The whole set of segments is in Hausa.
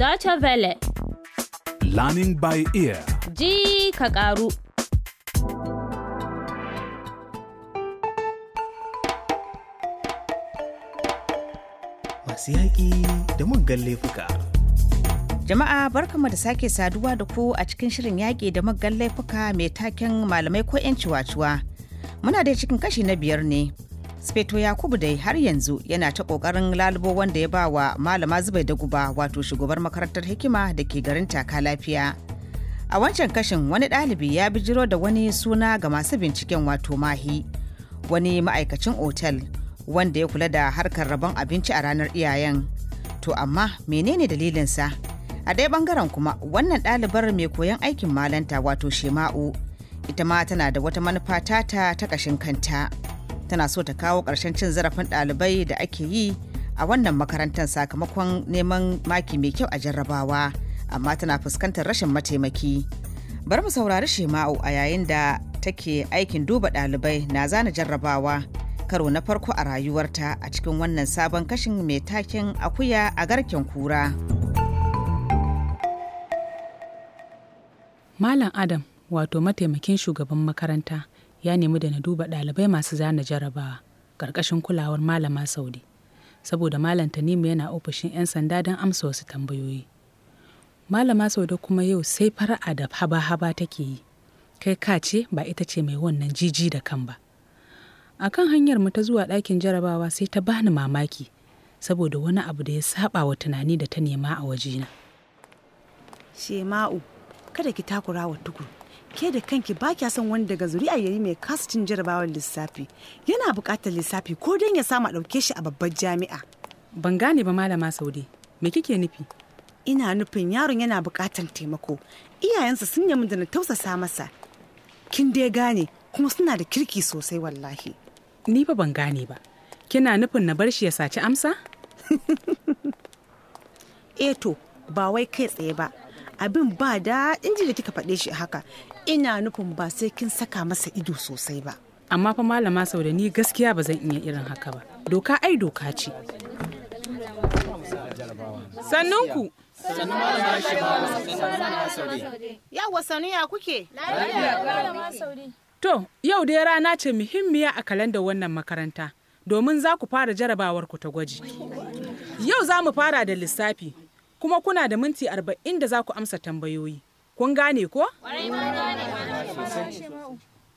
Deutsche Welle. Learning by ear. Ji ka karu. Masu yaƙi da muggan laifuka. Jama'a da sake saduwa da ku a cikin shirin yaƙi da muggan laifuka mai taken malamai ko 'yanci wacuwa. Muna da cikin kashi na biyar ne. Speto Yakubu dai har yanzu yana ta kokarin lalubo wanda ya ba wa malama zubai da guba wato shugabar makarantar hikima da ke garin taka lafiya. A wancan kashin wani ɗalibi ya bijiro da wani suna ga masu binciken wato mahi wani ma'aikacin otal wanda ya kula da harkar rabon abinci a ranar iyayen. To amma menene dalilinsa? A ɗaya ɓangaren kuma wannan ɗalibar mai koyon aikin malanta wato Shema'u ita ma tana da wata manufa ta ta ƙashin kanta. tana so ta kawo ƙarshen cin zarafin ɗalibai da ake yi a wannan makarantar sakamakon neman maki mai kyau a jarrabawa amma tana fuskantar rashin mataimaki bar mu saurari shema'u a yayin da take aikin duba ɗalibai na zana jarrabawa karo na farko a rayuwarta a cikin wannan sabon kashin mai takin akuya a garken kura malam adam wato mataimakin shugaban makaranta ya nemi da na duba ɗalibai masu zana jarabawa ƙarƙashin kulawar malama Saude saboda malam Tanimu yana ofishin 'yan sanda don amsa wasu tambayoyi. Malama Saude kuma yau sai fara'a da haba-haba take yi, kai ka ce ba ita ce mai wannan jiji da kan ba. A kan hanyar mu ta zuwa ɗakin jarabawa sai ta bani mamaki saboda wani abu da ya saba wa tunani da ta nema a wajena. Shema'u, kada ki takura wa tukuru ke da kanki ba kya son wani daga zuri'a yayi mai kasacin jarabawar lissafi yana buƙatar lissafi ko don ya sama ɗauke shi a babbar jami'a ban gane ba malama saudi me kike nufi ina nufin yaron yana buƙatar taimako iyayensa sun yi da na tausasa masa kin dai gane kuma suna da kirki sosai wallahi ni ba ban gane ba kina nufin na bar shi ya saci amsa eto eh ba wai kai tsaye ba abin ba da inji da kika faɗe shi haka ina nufin ba sai kin saka masa ido sosai ba amma fa malama sau da ni gaskiya ba zan iya irin haka ba doka ai doka ce sannunku sannu yawa sannu ya kuke to yau dai rana ce muhimmiya a kalandar wannan makaranta domin za ku fara jarabawar ku ta gwaji yau za mu fara da lissafi kuma kuna da minti arba'in da za ku amsa tambayoyi Kun gane ko?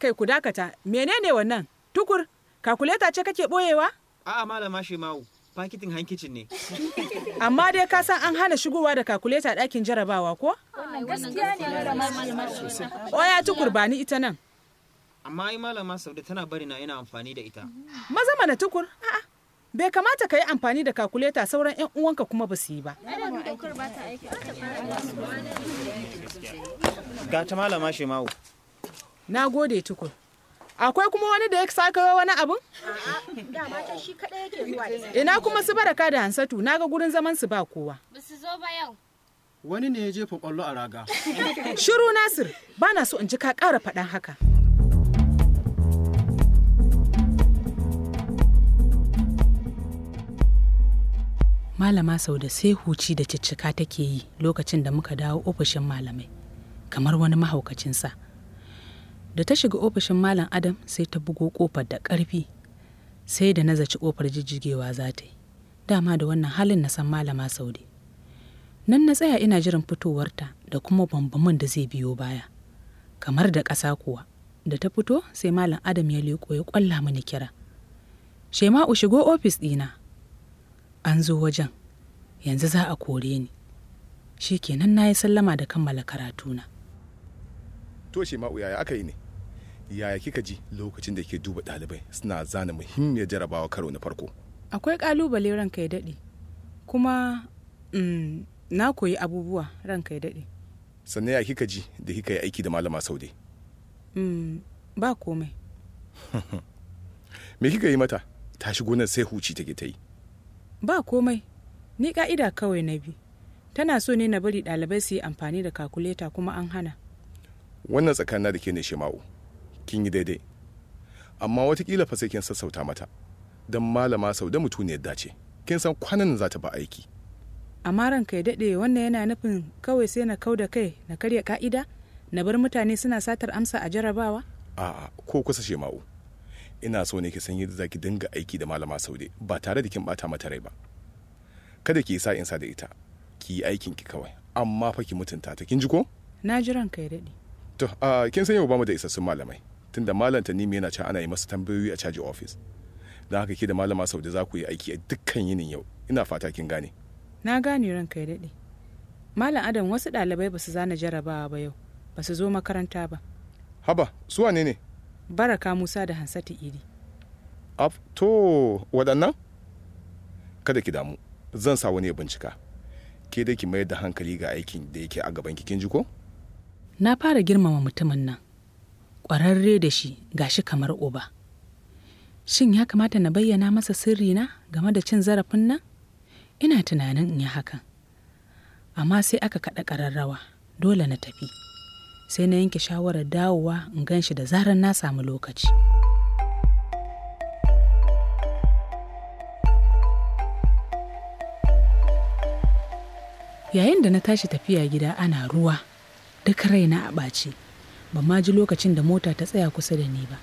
Kai ku dakata, menene wannan? Tukur, kakuleta ce kake boyewa. A'a malama Shema'u, fakitin hankicin ne. Amma dai ka san an hana shigowa da kakuleta ɗakin jarabawa ko? Oya tukur ba ni ita nan. Amma ai malama Saude tana bari na ina amfani da ita. Maza mana tukur, a'a bai kamata ka yi amfani da kakuleta sauran 'yan uwanka kuma ba su yi ba. Ga ta malama mawu. Na gode tukur. Akwai kuma wani da ya sake wani abin? Ina kuma su baraka da hansatu na ga gurin zaman su ba kowa. Ba Wani ne ya jefa kwallo a raga. Shiru Nasir, ba na so in ji ka ƙara faɗan haka. malama sau da sai huci da ciccika take yi lokacin da muka dawo ofishin malamai kamar wani mahaukacinsa da ta shiga ofishin malam adam sai ta bugo kofar da ƙarfi sai da na zaci kofar jijjigewa za ta yi dama da wannan halin na san malama saude nan na tsaya ina jiran fitowarta da kuma bambamin da zai biyo baya kamar da ƙasa kuwa da ta fito sai malam adam ya leƙo ya kwalla mini kira shema'u shigo ofis ɗina an zo wajen yanzu za a kore ni shi kenan na yi sallama da kammala karatuna to shi ma yaya aka yi ne yaya kika ji lokacin da ke duba ɗalibai suna zana muhimmiyar jarabawa karo na farko akwai ƙalubale ranka ya daɗe kuma mm, na koyi abubuwa ranka ya daɗe sannan ya kika ji da kika yi aiki da malama sau dai mm, ba komai me kika yi mata ta shigo nan sai huci take ta yi ba komai ni ka'ida kawai na bi tana so ne na bari ɗalibai su yi amfani da kakuleta kuma an hana wannan tsakanin da ke ne shima'u kin yi daidai amma watakila fa sai kin sassauta mata don malama sau da mutu ya dace kin san kwanan za ta ba aiki amma ran kai daɗe wannan yana nufin kawai sai na kau da kai na karya ka'ida na bar mutane suna satar amsa a jarabawa a'a ko kusa shema'u ina so ne ki san yadda zaki dinga aiki da malama saude ba tare da kin bata mata rai ba kada ki sa in sa da ita ki yi aikin ki kawai amma fa ki mutunta ta kin ji ko na ji ranka ya dade to a kin san yau ba mu da isassun malamai tunda malam ta Tanimu yana can ana yi masa tambayoyi a caji office don haka ki da malama saude za ku yi aiki a dukkan yinin yau ina fata kin gane na gane ranka ya dade malam adam wasu dalibai ba su zana jarabawa ba yau ba su zo makaranta ba haba su wane ne baraka musa da hansatu iri af to waɗannan kada ki damu zan sa wani ya bincika ke da ki mayar da hankali ga aikin da yake a gaban kin ji ko na fara girmama mutumin nan ƙwararre da shi ga shi kamar uba shin ya kamata na bayyana masa sirri na game da cin zarafin nan ina tunanin in yi hakan amma sai aka kaɗa ƙararrawa dole na tafi sai na yanke shawarar dawowa in gan shi da zarar na samu lokaci yayin da na tashi tafiya gida ana ruwa duk raina a ɓace ba ma ji lokacin da mota ta tsaya kusa da ni ba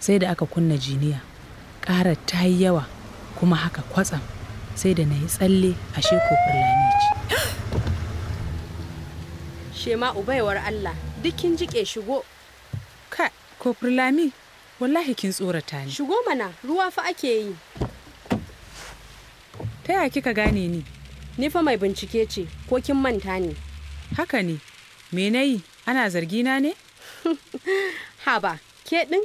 sai da aka kunna jiniya ƙara ta yi yawa kuma haka kwatsam sai da na yi tsalle a ko ci. shema ubaiwar Allah duk kin jike shigo ka furlami, wallahi kin tsorata ni shigo mana ruwa fa ake yi ta yaya kika gane ni ni fa mai bincike ce ko kin manta ne haka ne me na yi ana zargina ne haba ke ɗin?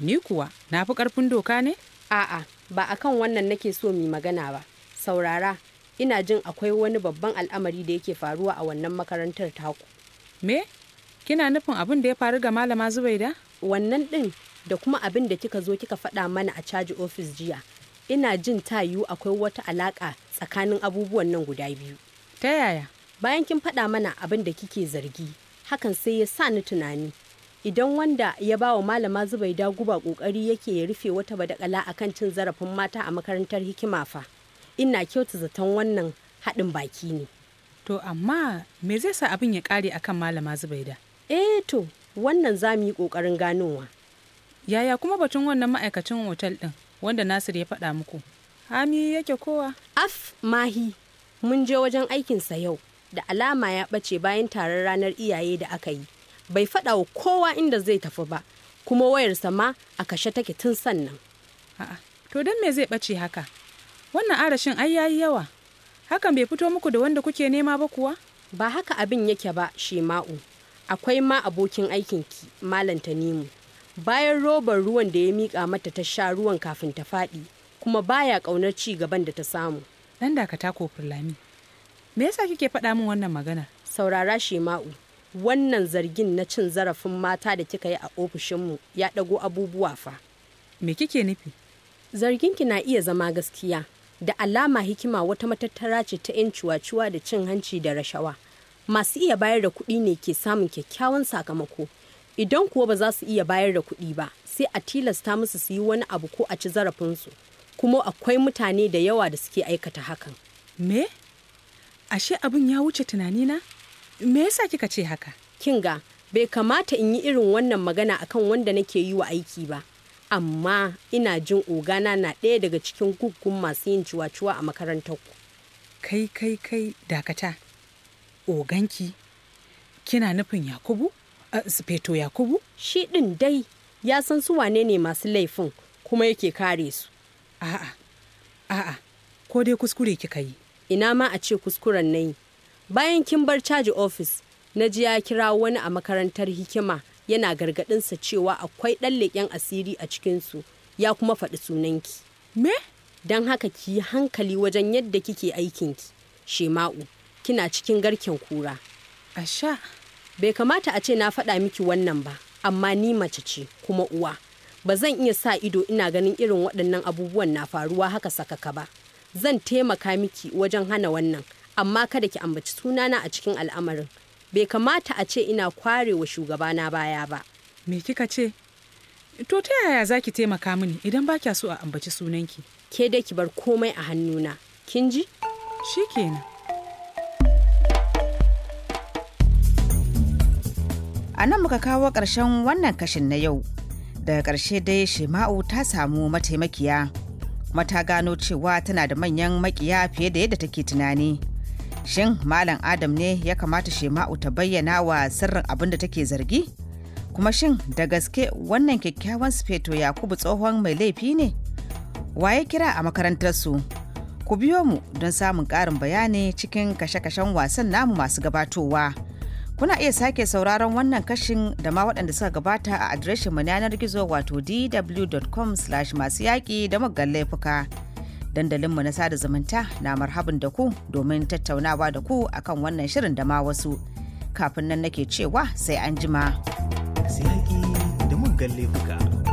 ni kuwa na fi karfin doka ne a'a ba akan wannan nake so mi magana ba saurara ina jin akwai wani babban al'amari da yake faruwa a wannan makarantar taku me kina nufin abin da ya faru ga malama zubaida wannan ɗin, da kuma abin da kika zo kika faɗa mana a caji ofis jiya ina jin ta yiwu akwai wata alaƙa tsakanin abubuwan nan guda biyu ta yaya bayan kin faɗa mana abin da kike zargi hakan sai ya sa ni tunani idan wanda ya ba wa malama zubaida guba ƙoƙari yake ya rufe wata badakala akan cin zarafin mata a makarantar hikima fa ina kyauta zaton wannan haɗin baki ne to amma me zai sa abin ya ƙare akan malama zubaida eh to wannan za mu yi ƙoƙarin ganowa yaya kuma batun wannan ma'aikacin otal ɗin wanda nasir ya faɗa muku hami yake kowa af mahi mun je wajen aikinsa yau da alama ya ɓace bayan taron ranar iyaye da aka yi bai faɗa wa kowa inda zai tafi ba kuma wayarsa ma a kashe take tun sannan a'a to don me zai ɓace haka wannan arashin ai yayi yawa hakan bai fito muku da wanda kuke nema ba kuwa ba haka abin yake ba shema'u akwai ma abokin aikinki malam tanimu bayan robar ruwan da ya mika mata ta sha ruwan kafin ta faɗi kuma baya ƙaunar ci gaban da ta samu dan dakata ko furlami me yasa kike faɗa min wannan magana saurara shema'u wannan zargin na cin zarafin mata da kika yi a ofishinmu ya ɗago abubuwa fa me kike nufi zarginki na iya zama gaskiya da alama hikima wata matattara ce ta 'yan ciwaciwa da cin hanci da rashawa masu iya bayar da kuɗi ne ke samun kyakkyawan sakamako idan kuwa ba za su iya bayar da kuɗi ba sai a tilasta musu su yi wani abu ko a ci zarafinsu kuma akwai mutane da yawa da suke aikata hakan me ashe abin ya wuce tunanina me yasa kika ce haka kinga bai kamata in yi irin wannan magana akan wanda nake yi wa aiki ba amma ina jin ogana na ɗaya daga cikin gugun masu yin ciwa-ciwa a makarantar ku. Kai kai kai dakata, oganki, kina nufin Yakubu? Sufeto Yakubu? Shi ɗin dai ya san su wane ne masu laifin kuma yake kare su. A'a, a'a, ko dai kuskure kika yi. Ina ma a ce kuskuren na yi. Bayan kin bar caji ofis, na ji ya kira wani a makarantar hikima yana gargaɗinsa cewa akwai ɗan leƙen asiri a cikinsu ya kuma faɗi sunanki. Me? Don haka ki yi hankali wajen yadda kike aikinki, Shema'u, kina cikin garken kura. Asha. Bai kamata a ce na faɗa miki wannan ba, amma ni mace ce kuma uwa. Ba zan iya sa ido ina ganin irin waɗannan abubuwan na faruwa haka sakaka ba. Zan taimaka miki wajen hana wannan, amma kada ki ambaci sunana a cikin al'amarin. bai kamata a ce ina kware kwarewa na baya ba me kika ce to ta yaya za ki taimaka mini idan ba so a ambaci sunanki ke da ki bar komai a hannuna kin ji shi shikenan a nan muka kawo ƙarshen wannan kashin na yau daga ƙarshe dai shema'u ta samu mataimakiya kuma ta gano cewa tana da manyan makiya fiye da yadda take tunani Shin Malam Adam ne ya kamata Shema'u ta bayyana wa sirrin abin da take zargi? Kuma shin da gaske wannan kyakkyawan sufeto Yakubu tsohon mai laifi ne? Waye kira a makarantarsu? Ku biyo mu don samun ƙarin bayani cikin kashe-kashen wasan namu masu gabatowa. Kuna iya sake sauraron wannan kashin da ma waɗanda suka gabata a adireshinmu na yanar gizo wato dw.com/masu yaƙi da muggan laifuka. dandalinmu na sada zumunta na marhabin da ku domin tattaunawa da ku akan wannan shirin da ma wasu kafin nan nake cewa sai an jima. Sai da galle laifuka.